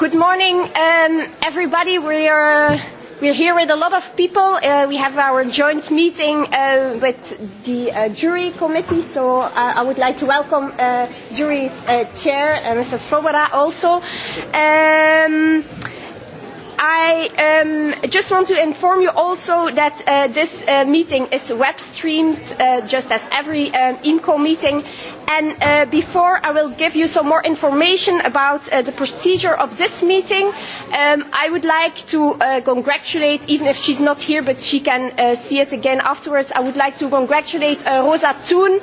Good morning, um, everybody. We are we're here with a lot of people. Uh, we have our joint meeting uh, with the uh, jury committee. So uh, I would like to welcome uh, jury uh, chair, uh, Mr. Svoboda, also. Um, i um, just want to inform you also that uh, this uh, meeting is web streamed, uh, just as every um, IMCO meeting. And before I will give you some more information about the procedure of this meeting, um, I would like to congratulate, even if she's not here, but she can see it again afterwards, I would like to congratulate Rosa Thun,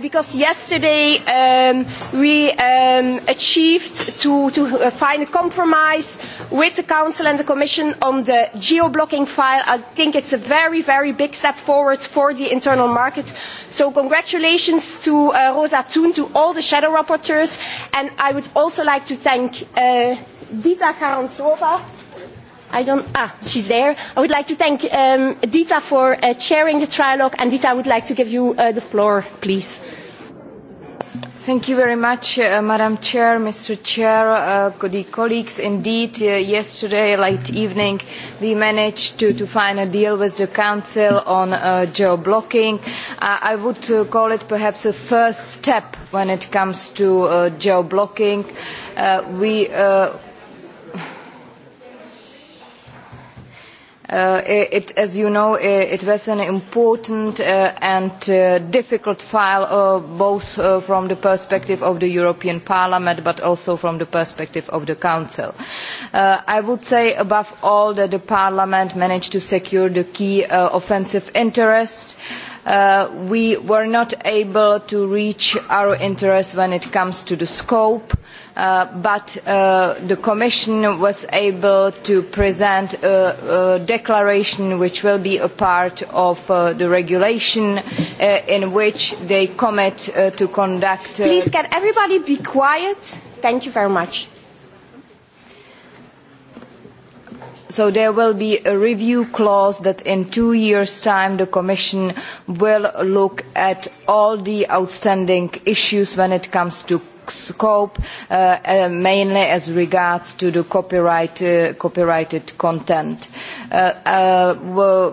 because yesterday um, we um, achieved to, to find a compromise with the Council and the commission on the geo blocking file i think it is a very very big step forward for the internal market so congratulations to uh, rosa thun to all the shadow rapporteurs and i would also like to thank uh, dita karantsova I don't, ah, she's there. I would like to thank um, Dita for uh, chairing the trilogue, and Dita, I would like to give you the floor, please. Thank you very much, uh, Madam Chair, Mr. Chair, uh, colleagues. Indeed, uh, yesterday late evening, we managed to, to find a deal with the Council on uh, geo-blocking. Uh, I would uh, call it perhaps a first step when it comes to uh, geo-blocking. we uh, Uh, it, as you know, uh, it was an important uh, and difficult file, both from the perspective of the European Parliament, but also from the perspective of the Council. I would say, above all, that the Parliament managed to secure the key offensive interests. Uh, we were not able to reach our interests when it comes to the scope, uh, but uh, the Commission was able to present a, a declaration which will be a part of uh, the regulation in which they commit to conduct. Please, can everybody be quiet? Thank you very much. so there will be a review clause that in two years' time the commission will look at all the outstanding issues when it comes to scope uh, uh, mainly as regards to the uh, copyrighted content.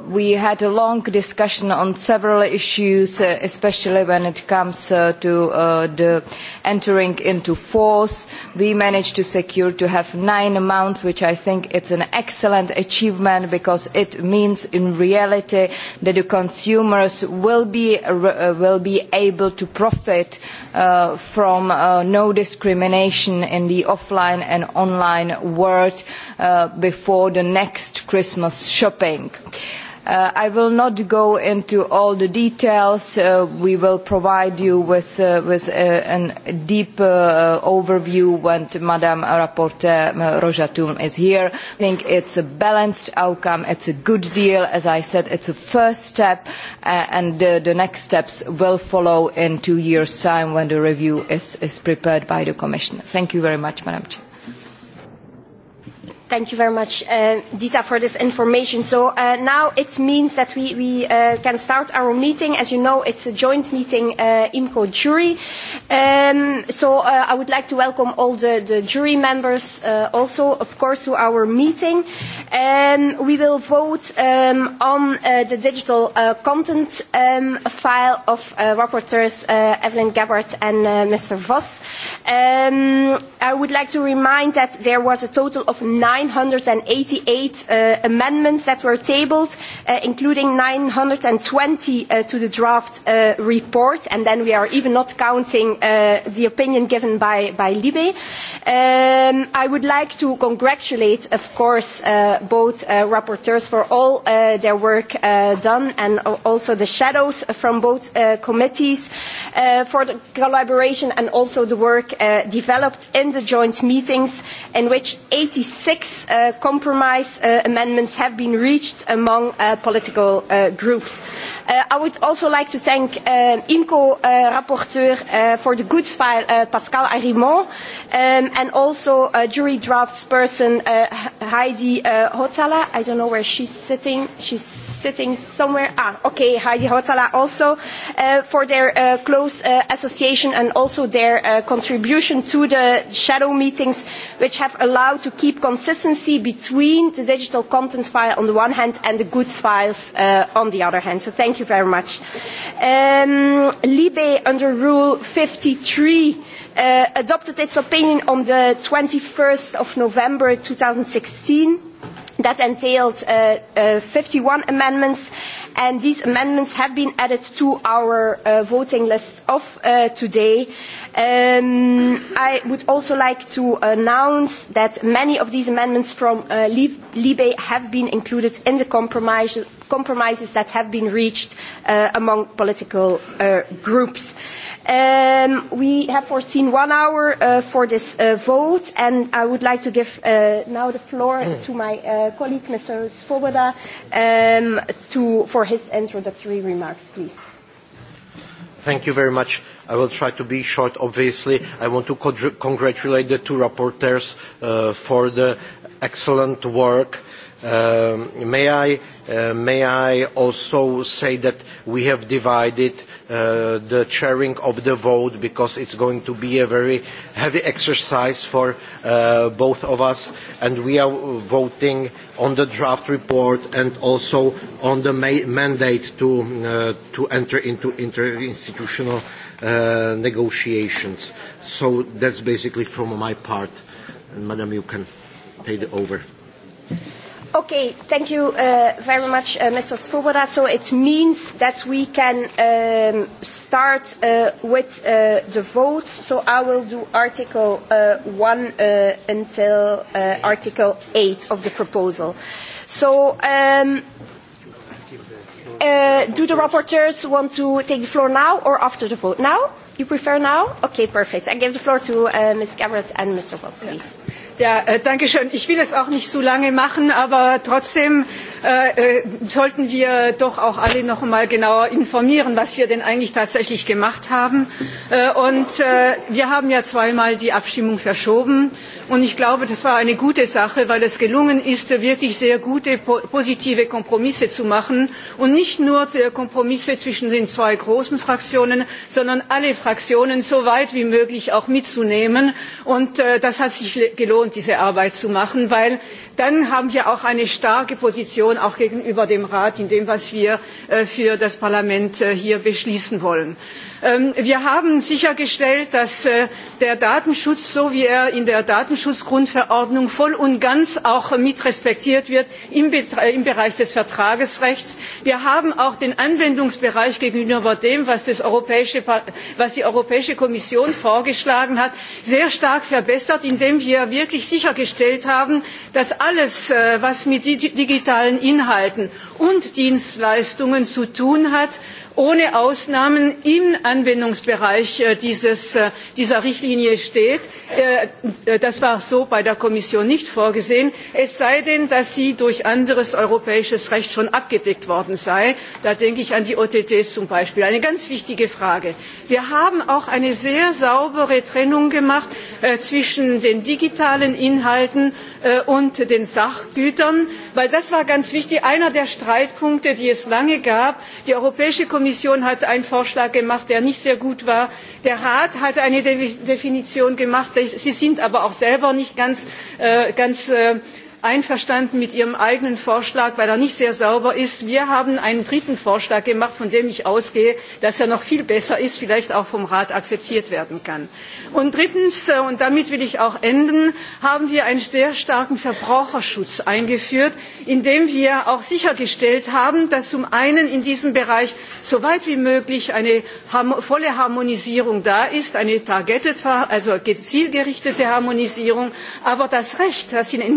we had a long discussion on several issues especially when it comes to the entering into force. We managed to secure to have nine amounts, which I think is an excellent achievement because it means in reality that the consumers will be, uh, will be able to profit uh, from uh, no discrimination in the offline and online world before the next Christmas shopping. Uh, I will not go into all the details. Uh, we will provide you with, uh, a deep overview when Madam Rapporteur Rojatum is here. I think it's a balanced outcome. It's a good deal. As I said, it's a first step, and the next steps will follow in two years' time when the review is, is prepared by the Commission. Thank you very much, Madam Chair. Thank you very much, uh, Dita, for this information. So uh, now it means that we, we uh, can start our meeting. As you know, it's a joint meeting, uh, IMCO jury. Um, so uh, I would like to welcome all the, the jury members uh, also, of course, to our meeting. Um, we will vote um, on uh, the digital uh, content um, file of uh, rapporteurs uh, Evelyn Gabbard and uh, Mr. Voss. Um, I would like to remind that there was a total of nine eighty eight uh, amendments that were tabled, uh, nine including 920 twenty uh, to the draft report, and then we are even not counting the opinion given by, by Libe. Um, I would like to congratulate, of course, both rapporteurs for all their work done, and also the shadows from both committees for the collaboration and also the work developed in the joint meetings in which 86 Uh, compromise uh, amendments have been reached among uh, political uh, groups. I would also like to thank IMCO rapporteur for the goods file, Pascal Arimont, um, and also jury draftsperson Heidi Hotala. I don't know where she's sitting. She's sitting somewhere. Ah, okay, Heidi Hautala also uh, for their uh, close uh, association and also their uh, contribution to the shadow meetings, which have allowed to keep consistency between the digital content file on the one hand and the goods files on the other hand. So thank you very much. Um, Libe under Rule 53 three adopted its opinion on the 21st of November 2016 that entailed uh, uh, fifty one amendments and these amendments have been added to our uh, voting list of today. Um, i would also like to announce that many of these amendments from libe have been included in the compromises that have been reached among political groups. Um, we have foreseen one hour uh, for this uh, vote, and I would like to give uh, now the floor mm. to my colleague, Mr. Svoboda, um, to, for his introductory remarks, please. Thank you very much. I will try to be short, obviously. I want to congratulate the two rapporteurs for the excellent work. Um, may, I, may I also say that we have divided Uh, the chairing of the vote because it's going to be a very heavy exercise for uh, both of us and we are voting on the draft report and also on the mandate to, uh, to enter into interinstitutional negotiations. So that's basically from my part and Madam you can take it over. Okay, thank you uh, very much, uh, Mr. Svoboda. So it means that we can um, start uh, with uh, the votes. So I will do Article uh, 1 uh, until uh, Article 8 of the proposal. So um, uh, do the rapporteurs want to take the floor now or after the vote? Now? You prefer now? Okay, perfect. I give the floor to uh, Ms. Gabbard and Mr. Wilson, please. Äh, danke schön. Ich will es auch nicht so lange machen, aber trotzdem äh, äh, sollten wir doch auch alle noch einmal genauer informieren, was wir denn eigentlich tatsächlich gemacht haben. und wir haben ja zweimal die Abstimmung verschoben. Und ich glaube, das war eine gute Sache, weil es gelungen ist, wirklich sehr gute, positive Kompromisse zu machen. Und nicht nur Kompromisse zwischen den zwei großen Fraktionen, sondern alle Fraktionen so weit wie möglich auch mitzunehmen. Und das hat sich gelohnt lohnt diese arbeit zu machen denn dann haben wir auch eine starke position auch gegenüber dem rat in dem was wir äh, für das parlament äh, hier beschließen wollen. Ähm, wir haben sichergestellt dass äh, der datenschutz so wie er in der datenschutzgrundverordnung voll und ganz auch mit respektiert wird im bereich des vertragsrechts. wir haben auch den anwendungsbereich gegenüber dem pa-, was die europäische kommission vorgeschlagen hat sehr stark verbessert indem wir wirklich sichergestellt haben dass alles äh, was mit digitalen inhalten und dienstleistungen zu tun hat ohne ausnahmen im anwendungsbereich äh, dieses, äh, dieser richtlinie steht. Äh, das war so bei der kommission nicht vorgesehen es sei denn dass sie durch anderes europäisches recht schon abgedeckt worden sei da denke ich an die ott zum beispiel. eine ganz wichtige frage wir haben auch eine sehr saubere trennung gemacht zwischen den digitalen inhalten und den sachgütern weil das war ganz wichtig einer der streitpunkte die es lange gab die europäische kommission hat einen vorschlag gemacht der nicht sehr gut war der rat hat eine definition gemacht sie sind aber auch selber nicht ganz, äh, ganz äh, einverstanden mit ihrem eigenen vorschlag weil er nicht sehr sauber ist. wir haben einen dritten vorschlag gemacht von dem ich ausgehe dass er noch viel besser ist vielleicht auch vom rat akzeptiert werden kann. und drittens äh, und damit will ich auch enden haben wir einen sehr starken verbraucherschutz eingeführt indem wir auch sichergestellt haben dass zum einen in diesem bereich so weit wie möglich eine volle harmonisierung da ist eine targeted also zielgerichtete harmonisierung aber das recht das in den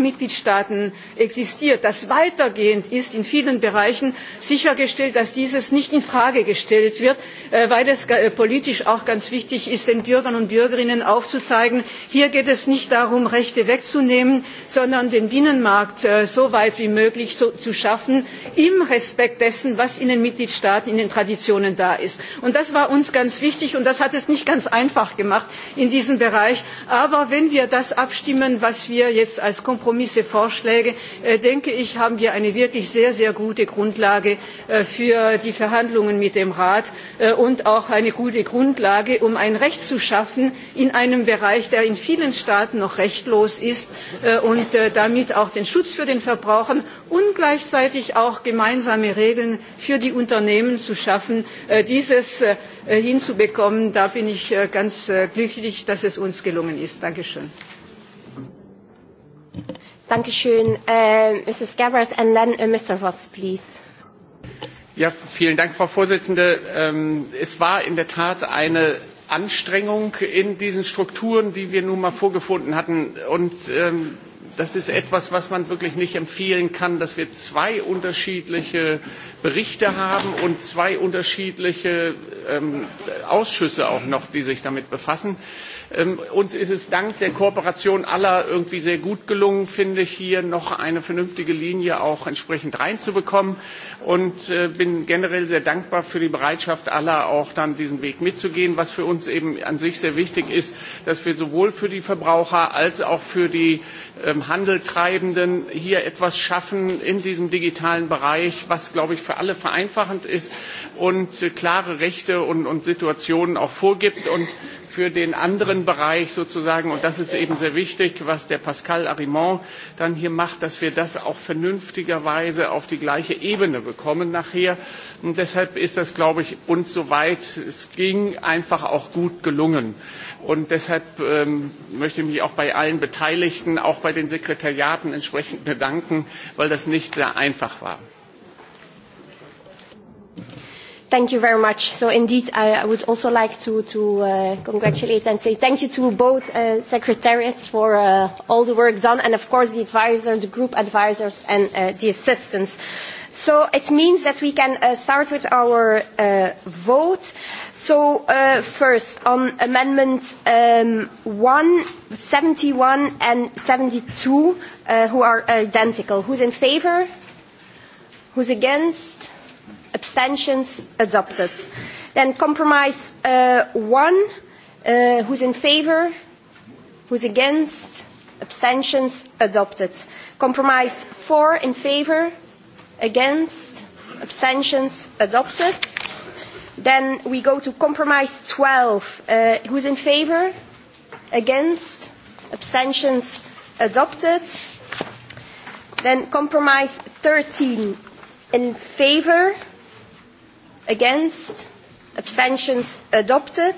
mitgliedstaaten existiert das weitergehend ist in vielen bereichen sichergestellt dass dies nicht in frage gestellt wird äh, weil es äh, politisch auch ganz wichtig ist den bürgern und bürgerinnen aufzuzeigen hier geht es nicht darum rechte wegzunehmen sondern den binnenmarkt äh, so weit wie möglich zu schaffen im respekt dessen was in den mitgliedstaaten in den traditionen da ist. das war uns ganz wichtig und das hat es nicht ganz einfach gemacht in diesem bereich. aber wenn wir das abstimmen was wir jetzt als kompromisse vorschläge äh, denke ich haben wir eine wirklich sehr sehr gute grundlage äh, für die verhandlungen mit dem rat äh, und auch eine gute grundlage um ein recht zu schaffen in einem bereich der in vielen staaten noch rechtlos ist und damit auch den schutz für den verbraucher und gleichzeitig auch gemeinsame regeln für die unternehmen zu schaffen. dieses hinzubekommen da bin ich ganz glücklich dass es uns gelungen ist. danke schön! Dankeschön, äh, and then äh, Mr. Voss, please. Ja, vielen Dank, Frau Vorsitzende. Ähm, es war in der Tat eine Anstrengung in diesen Strukturen, die wir nun mal vorgefunden hatten. Und ähm, das ist etwas, was man wirklich nicht empfehlen kann, dass wir zwei unterschiedliche Berichte haben und zwei unterschiedliche ähm, Ausschüsse auch noch, die sich damit befassen. Ähm, uns ist es dank der Kooperation aller irgendwie sehr gut gelungen, finde ich, hier noch eine vernünftige Linie auch entsprechend reinzubekommen und äh, bin generell sehr dankbar für die Bereitschaft aller, auch dann diesen Weg mitzugehen, was für uns eben an sich sehr wichtig ist, dass wir sowohl für die Verbraucher als auch für die ähm, Handeltreibenden hier etwas schaffen in diesem digitalen Bereich, was, glaube ich, für alle vereinfachend ist und äh, klare Rechte und, und Situationen auch vorgibt. Und für den anderen Bereich sozusagen, und das ist eben sehr wichtig, was der Pascal Arimont dann hier macht, dass wir das auch vernünftigerweise auf die gleiche Ebene bekommen nachher. Und deshalb ist das, glaube ich, uns soweit es ging, einfach auch gut gelungen. Und deshalb ähm, möchte ich mich auch bei allen Beteiligten, auch bei den Sekretariaten entsprechend bedanken, weil das nicht sehr einfach war. Thank you very much. So indeed, I, I would also like to, to uh, congratulate and say thank you to both uh, secretariats for uh, all the work done, and of course the advisors, the group advisors, and uh, the assistants. So it means that we can uh, start with our uh, vote. So uh, first, on Amendment um, 1, 71 and 72, uh, who are identical. Who's in favour? Who's against? abstentions adopted then compromise uh, one uh, who's in favor who's against abstentions adopted compromise four in favor against abstentions adopted then we go to compromise 12 uh, who's in favor against abstentions adopted then compromise 13 in favor against abstentions adopted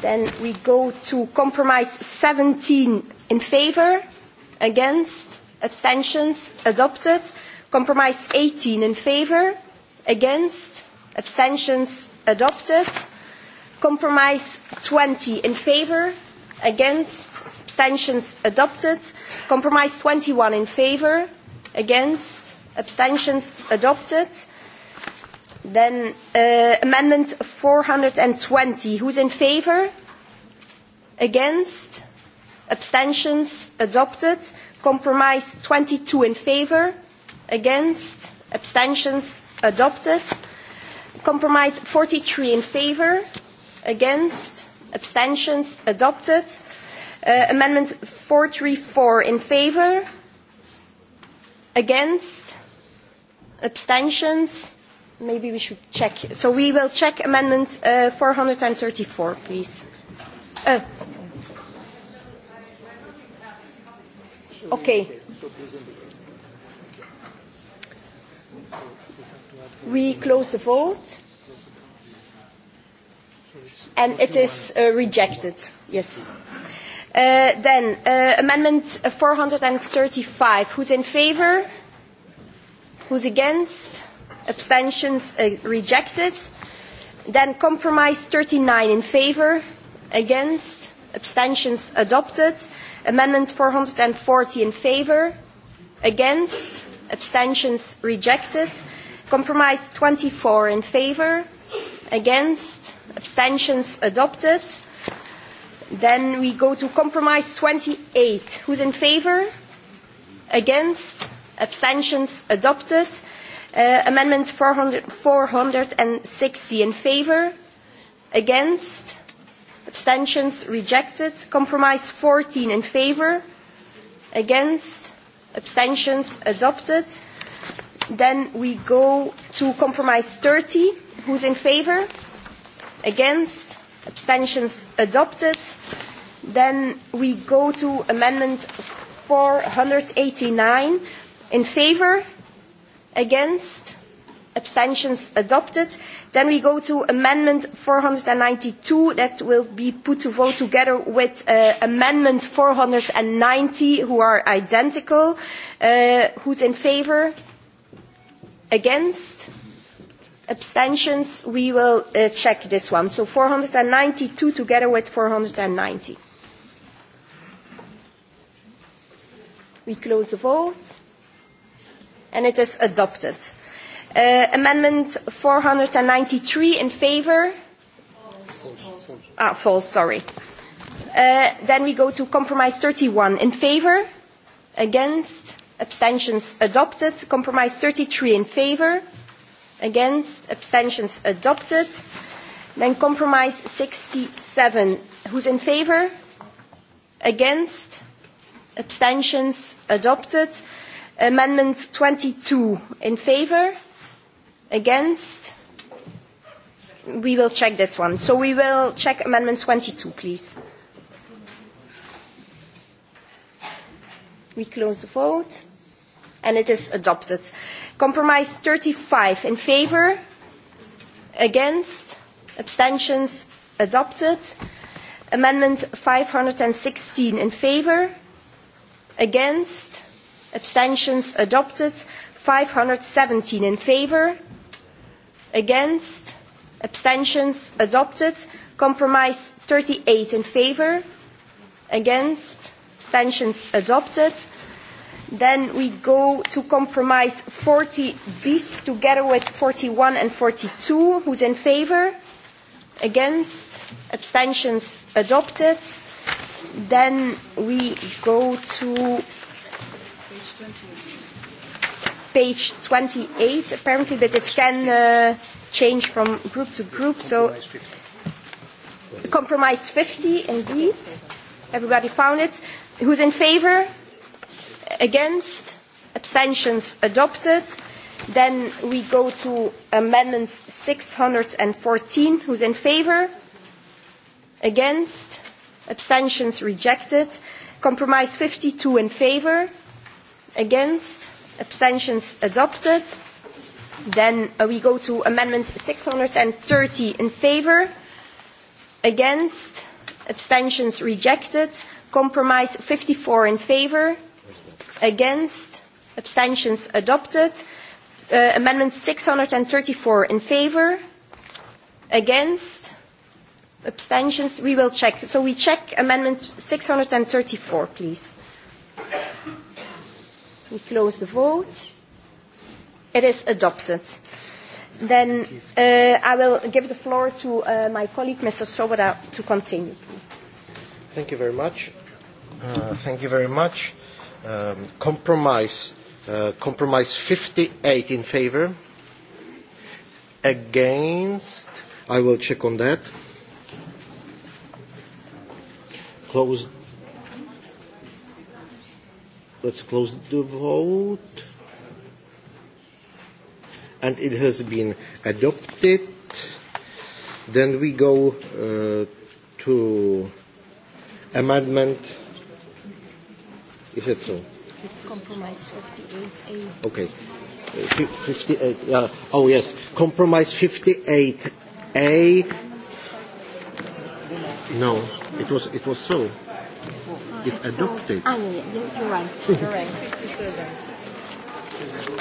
then we go to compromise 17 in favor against abstentions adopted compromise 18 in favor against abstentions adopted compromise 20 in favor against abstentions adopted compromise 21 in favor against abstentions adopted Then uh, amendment 420. Who's in favor? Against? Abstentions? Adopted. Compromise 22 in favor? Against? Abstentions? Adopted. Compromise 43 in favor? Against? Abstentions? Adopted. Uh, amendment 434 in favor? Against? Abstentions? maybe we should check. So we will check amendment uh, 434, please. Uh. Okay. We close the vote. And it is uh, rejected. Yes. Uh, then, uh, amendment 435. Who's in favor? Who's against? abstentions uh, rejected then compromise 39 in favor against abstentions adopted amendment 440 in favor against abstentions rejected compromise 24 in favor against abstentions adopted then we go to compromise 28 who's in favor against abstentions adopted Uh, four amendment and 460 in favor, against, abstentions rejected. Compromise 14 in favor, against, abstentions adopted. Then we go to compromise 30. Who's in favor? Against, abstentions adopted. Then we go to amendment 489 in favor, against abstentions adopted then we go to amendment four hundred and ninety two that will be put to vote together with uh, Amendment four hundred and ninety, who are identical uh, who's in favor against abstentions we will uh, check this one so 492 together with 490 we close the vote and it is adopted. Uh, amendment 493 in favor? False. false. Ah, false, sorry. Uh, then we go to compromise 31 in favor? Against? Abstentions adopted. Compromise 33 in favor? Against? Abstentions adopted. Then compromise 67. Who's in favor? Against? Abstentions adopted amendment twenty two in favour against we will check this one so we will check amendment twenty two please we close the vote and it is adopted compromise thirty five in favour against abstentions adopted amendment five hundred and sixteen in favour against abstentions adopted 517 in favor against abstentions adopted compromise 38 in favor against abstentions adopted then we go to compromise 40 bis together with 41 and 42 who's in favor against abstentions adopted then we go to page 28, apparently, but it can change from group to group. So, compromise 50, indeed. Everybody found it. Who's in favor? Against? Abstentions adopted. Then we go to amendment 614. Who's in favor? Against? Abstentions rejected. Compromise 52 in favor? Against? abstentions adopted then uh, we go to amendment 630 in favor against abstentions rejected compromise 54 in favor against abstentions adopted uh, amendment 634 in favor against abstentions we will check so we check amendment 634 please We close the vote. It is adopted. Then uh, I will give the floor to uh, my colleague, Mr. Sroboda, to continue. Thank you very much. Uh, thank you very much. Um, compromise, uh, compromise 58 in favor. Against, I will check on that. Close Let's close the vote. And it has been adopted. Then we go uh, to amendment. Is it so? Compromise 58A. Okay. Uh, 58, uh, oh yes, compromise 58A. No, it was, it was so if adopted.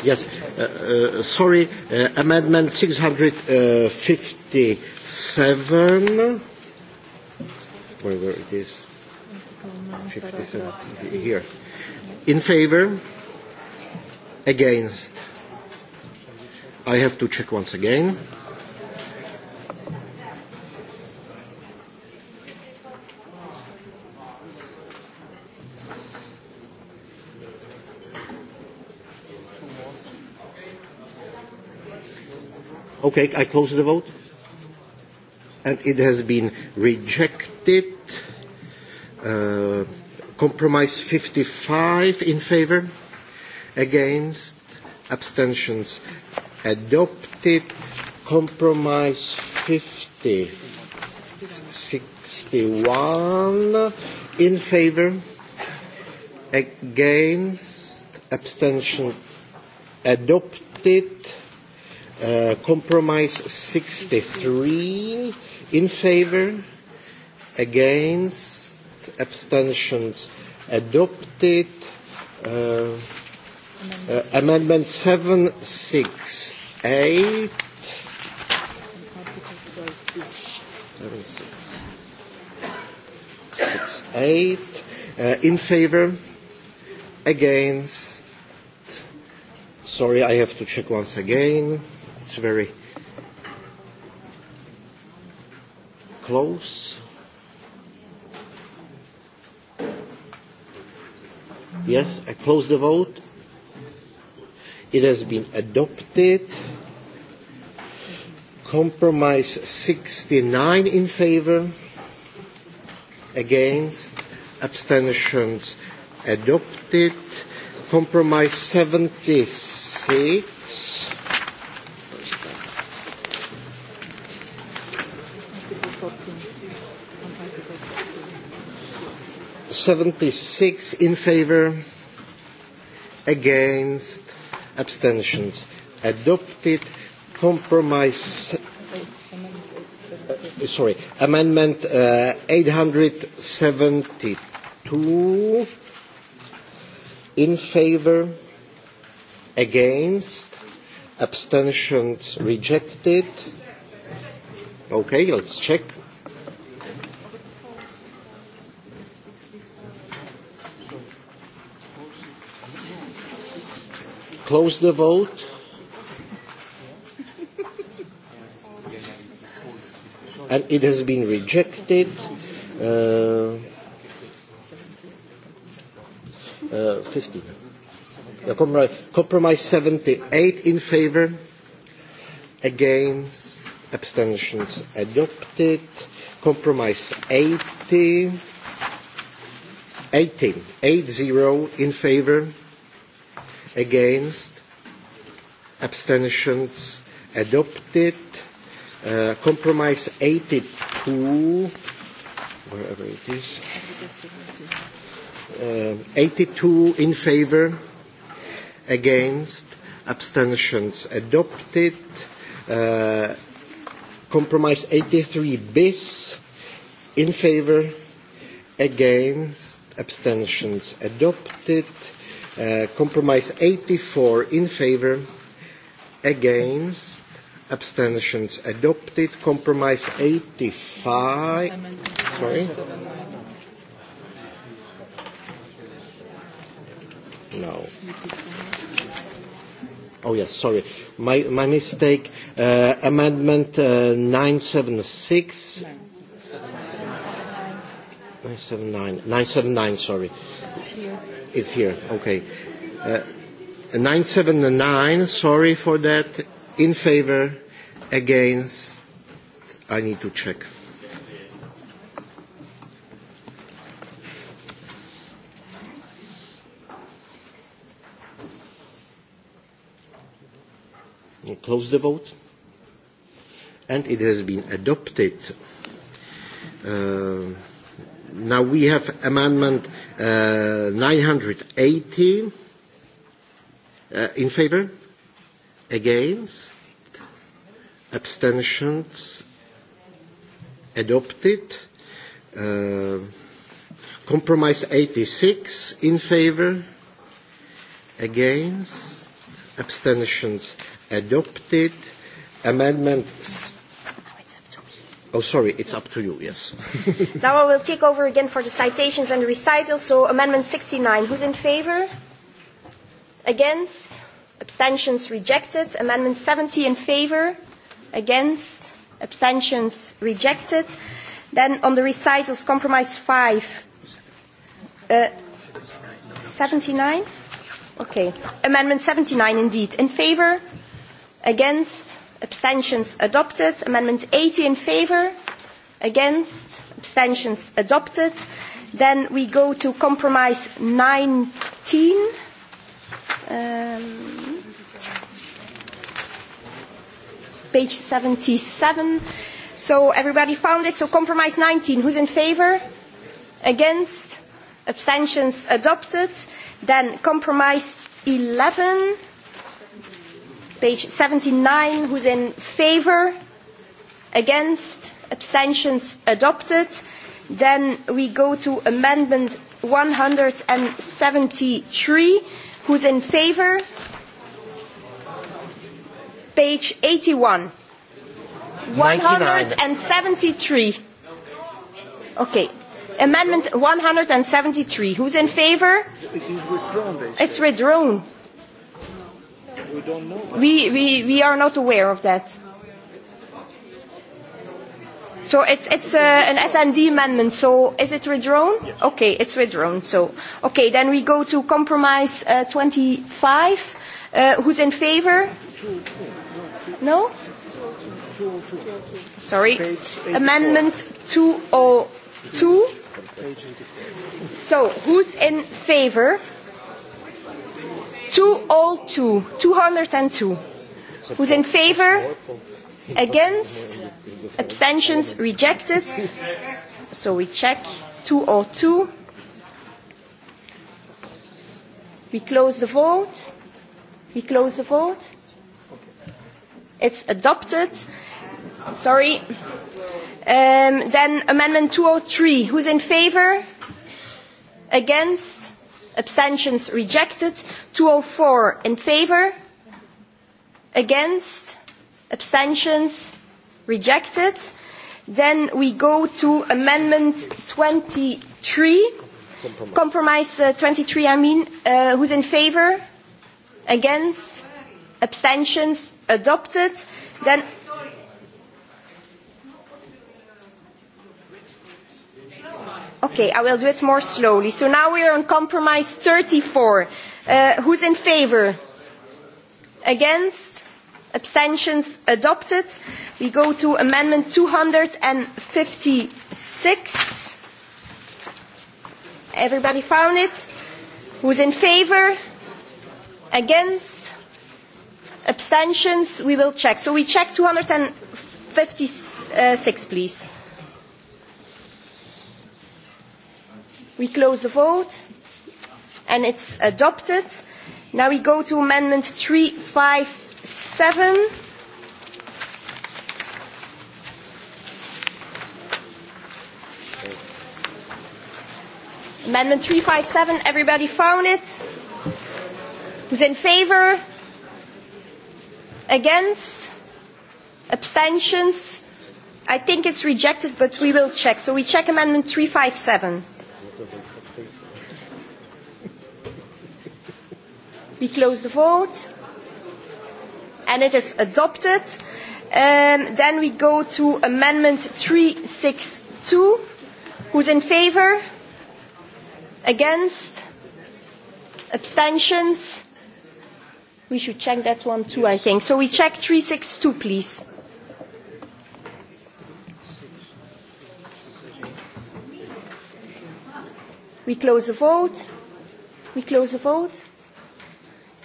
yes, sorry, amendment 657. Wherever it is. 57. Here. In favor? Against? I have to check once again. Okay, I close the vote. And it has been rejected. Uh, compromise 55 in favor, against, abstentions adopted. Compromise 50, 61 in favor, against, abstention adopted. Uh, compromise 63 in favor, against, abstentions adopted. Uh, uh, amendment 768 6, 8. six, eight uh, in favor, against. Sorry, I have to check once again. It's very close. Yes, I close the vote. It has been adopted. Compromise 69 in favor, against, abstentions adopted. Compromise 76 76 in favor against abstentions adopted compromise uh, sorry amendment 872 uh, in favor against abstentions rejected okay let's check close the vote. And it has been rejected. Uh, uh, 15. compromise, compromise 78 in favor. Against. Abstentions adopted. Compromise 80. 18. 8-0 in favor against abstentions adopted uh, compromise 82 wherever it is uh, 82 in favor against abstentions adopted uh, compromise 83 bis in favor against abstentions adopted Uh, compromise 84 in favor, against, abstentions adopted. Compromise 85. Sorry. No. Oh, yes, sorry. My, my mistake. Uh, amendment uh, 976. 979. 979, sorry. here. It's here. Okay. Uh, 979, sorry for that. In favor, against, I need to check. We'll close the vote. And it has been adopted. Uh, now we have amendment 980 uh, uh, in favor, against, abstentions, adopted. Uh, compromise 86 in favor, against, abstentions, adopted. Amendment Oh, sorry, it's up to you, yes. now I will take over again for the citations and the recital. So Amendment 69, who's in favor? Against? Abstentions rejected. Amendment 70 in favor? Against? Abstentions rejected. Then on the recitals, compromise 5. Uh, 79? Okay. Amendment 79 indeed. In favor? Against? abstentions adopted amendment 80 in favour? against abstentions adopted then we go to compromise 19 um, page 77 so everybody found it so compromise 19 who's in favor against abstentions adopted then compromise 11 Page 79, who's in favor? Against? Abstentions adopted. Then we go to amendment 173. Who's in favor? Page 81. 173. Okay. Amendment 173. Who's in favor? It is withdrawn. It's withdrawn we We, we, are not aware of that. So it's, it's uh, an SND amendment. So is it withdrawn? Yes. Okay, it's withdrawn. So okay, then we go to compromise uh, 25. Uh, who's in favor? No. Sorry. Amendment 202. So who's in favor? 202, 202. Who's in favor? Against? Abstentions rejected. So we check 202. We close the vote. We close the vote. It's adopted. Sorry. Um, then amendment 203. Who's in favor? Against? abstentions rejected 204 in favor against abstentions rejected then we go to amendment 23 compromise, compromise uh, twenty 23 i mean uh, who's in favor against abstentions adopted then Okay, I will do it more slowly. So now we are on compromise 34. Uh, who's in favor? Against? Abstentions adopted. We go to amendment 256. Everybody found it? Who's in favor? Against? Abstentions? We will check. So we check 256, uh, please. we close the vote and it's adopted now we go to amendment 357 Amendment 357, everybody found it? Who's in favour? Against? Abstentions? I think it's rejected, but we will check. So we check Amendment 357. We close the vote. And it is adopted. Um, then we go to Amendment 362. Who's in favor? Against? Abstentions? We should check that one too, I think. So we check 362, please. We close the vote. We close the vote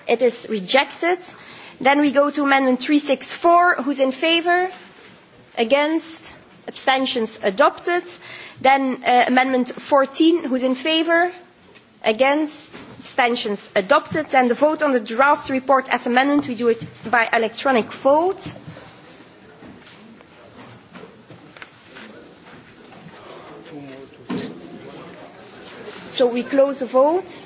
it is rejected then we go to amendment 364 who's in favor against abstentions adopted then uh, amendment 14 who's in favor against abstentions adopted then the vote on the draft report as amendment we do it by electronic vote so we close the vote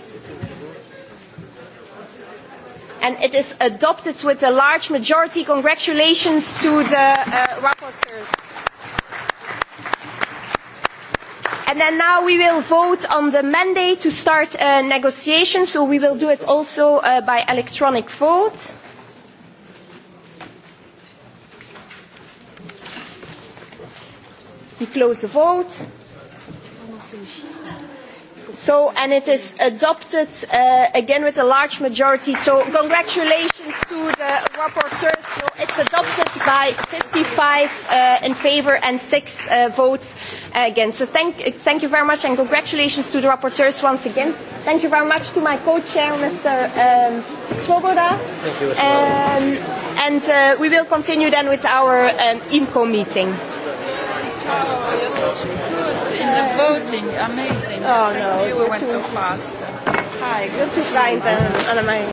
and it is adopted with a large majority. Congratulations to the uh, rapporteurs. And then now we will vote on the mandate to start uh, negotiations, so we will do it also uh, by electronic vote. We close the vote so and it is adopted uh, again with a large majority so congratulations to the rapporteurs so it's adopted by 55 uh, in favor and 6 uh, votes again so thank thank you very much and congratulations to the rapporteurs once again thank you very much to my co-chair Mr um, um, and uh, we will continue then with our um, IMCO meeting and the voting, amazing. Oh, no, you, we went so fast. Hi, good to find an amazing.